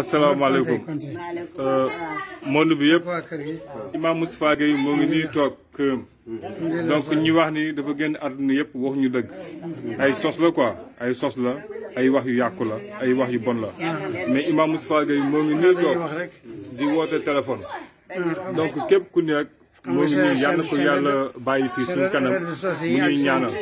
asalaamaaleykum euh, monde bi yëpp imam Moustapha yi moo ngi nii toog këram donc ñi wax ni dafa génn àdduna yëpp wax ñu dëgg ay sos la quoi ay sos la ay wax yu yàqu la ay wax yu bon la mais imam Moustapha Gueye moo ngi nii toog di woote téléphone donc képp ku nekk moo ngi nii yàlla ko yàlla bàyyi fii suñu kanam mu ñuy ñaanal